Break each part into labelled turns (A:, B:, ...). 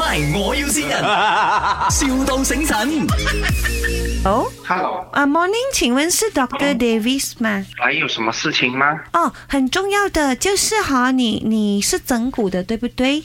A: 唔我要先人笑到醒神。哦，hello 啊，morning，請問是 Doctor Hello. Davis 嗎？
B: 還有什麼事情嗎？
A: 哦，oh, 很重要的，就是哈，你你是整蠱的，對不對？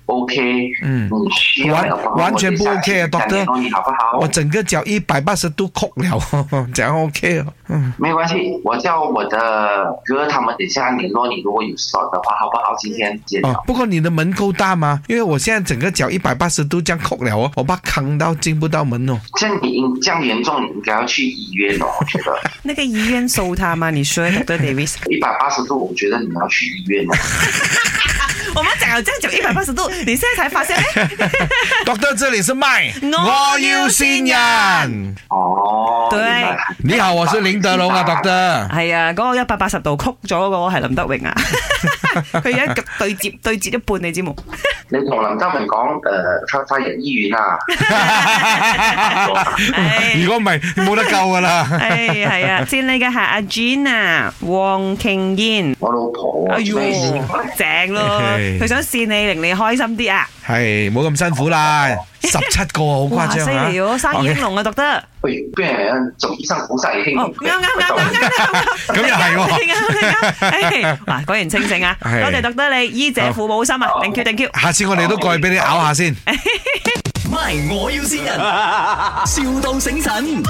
B: O K，嗯，完完全不 O K 啊，Doctor，我整個腳一百八十度扣了，這樣 O K 啊。嗯，沒關係，我叫我的哥，他們等下聯絡你，如果有事的話，好不好？今天接。不過你的門夠大嗎？因為我現在整個腳一百八十度這樣曲了哦，我怕扛到進不到門哦。像
A: 你這樣嚴重，你
B: 應該要去醫院
A: 哦，我覺得。那個醫院收他嗎？你說 Doctor Davis？一百八十度，我覺得你要去醫院哦。我咪講咗，就一百八十度，你現在才發現咧。
B: Doctor，這裏是麥，
A: 我要線人。哦。對，你好我最領導佬啊，特登。係啊，嗰個一百八十度曲咗嗰個係林德榮啊，佢而家對接對接一半你知
B: 冇？你同林德榮講，誒，快快入醫院啊！如果唔係，冇得救噶啦。係啊係啊，試
A: 你嘅係阿 Gina 啊，王慶燕，我老婆。哎喲，正咯，佢想試你，令你開心啲啊。
B: 係，冇咁辛苦啦。十七個誇張啊，好誇張啊！犀利 Okay. 生意興
A: 隆啊，讀得不如不如
B: 做醫生好晒，興
A: 隆啱啱啱啱啱，咁又係喎！啱嗱，果然清醒啊！多謝的讀得你醫者父母心啊！頂 Q 頂 Q，下次我哋都過去俾你咬下先。唔係，我要先人, 笑到醒神。